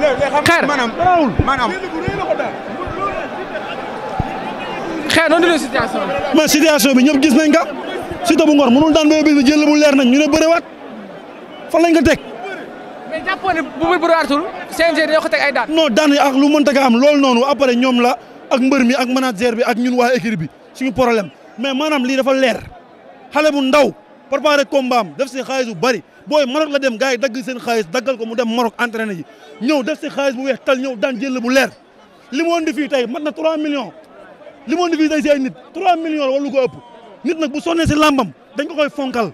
xeer maanaam. xeer noonu la situation bi. mais situation bi ñëpp gis nañ ka Siteu bu Ngor mënul daan Bébé Bis bi jël bu leer nañ ñu ne bëriwaat fan lañ ko teg. mais jàppoon ne bu muy bëriwaatul CNG dañoo ko teg ay daan. non yi ak lu mënta ka am loolu noonu après ñoom la ak mbër mi ak manager bi ak ñun waa équipe bi suñu problème mais maanaam lii dafa leer xale bu ndaw. préparé combat am def si xaalis bu bari booy Maroc la dem gars yi dagg seen xaalis daggal ko mu dem Maroc entraîné ji ñëw def si xaalis bu weex tal ñëw daan jël bu leer li mu woon di fii tey mat na 3 millions li mu woon di fii tey si ay nit 3 millions wala lu ko ëpp nit nag bu sonnee si làmbam dañ ko koy fonkal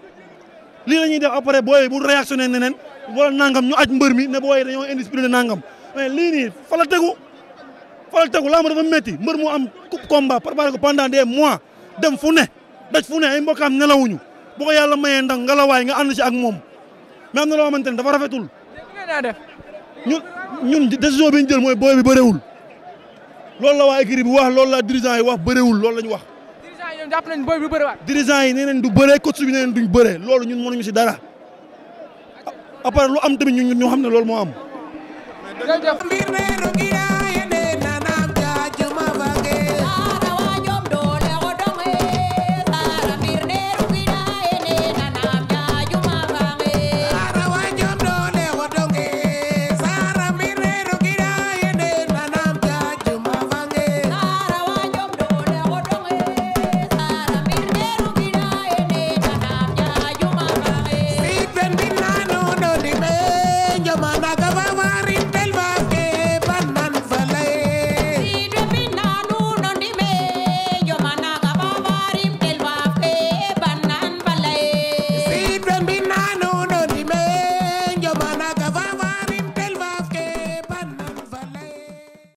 lii la ñuy def après booy bu ne neneen wala nangam ñu aj mbër mi ne booy dañoo indiscipliné nangam mais lii nii fa la tegu fa la tegu làmb mbër mu am coupe combat préparé ko pendant mois dem fu ne daj fu ne ay mbokkam nelawuñu bu ko yàlla mayee ndax ngelawaay nga ànd si ak moom mais am na loo xamante ne dafa rafetul. ñun ñun décision bi ñu jël mooy booy bi bëriwul loolu la waa écurie bi wax loolu la dirigeant yi wax bëriwul loolu la ñu wax. dirigeant yi ñoom jàpp nañu booy bi bëriwaat. dirigeant yi nee nañ du bëree coach bi nee nañ duñ bëree loolu ñun ñu si dara à part lu am tamit ñun ñu xam ne loolu moo am.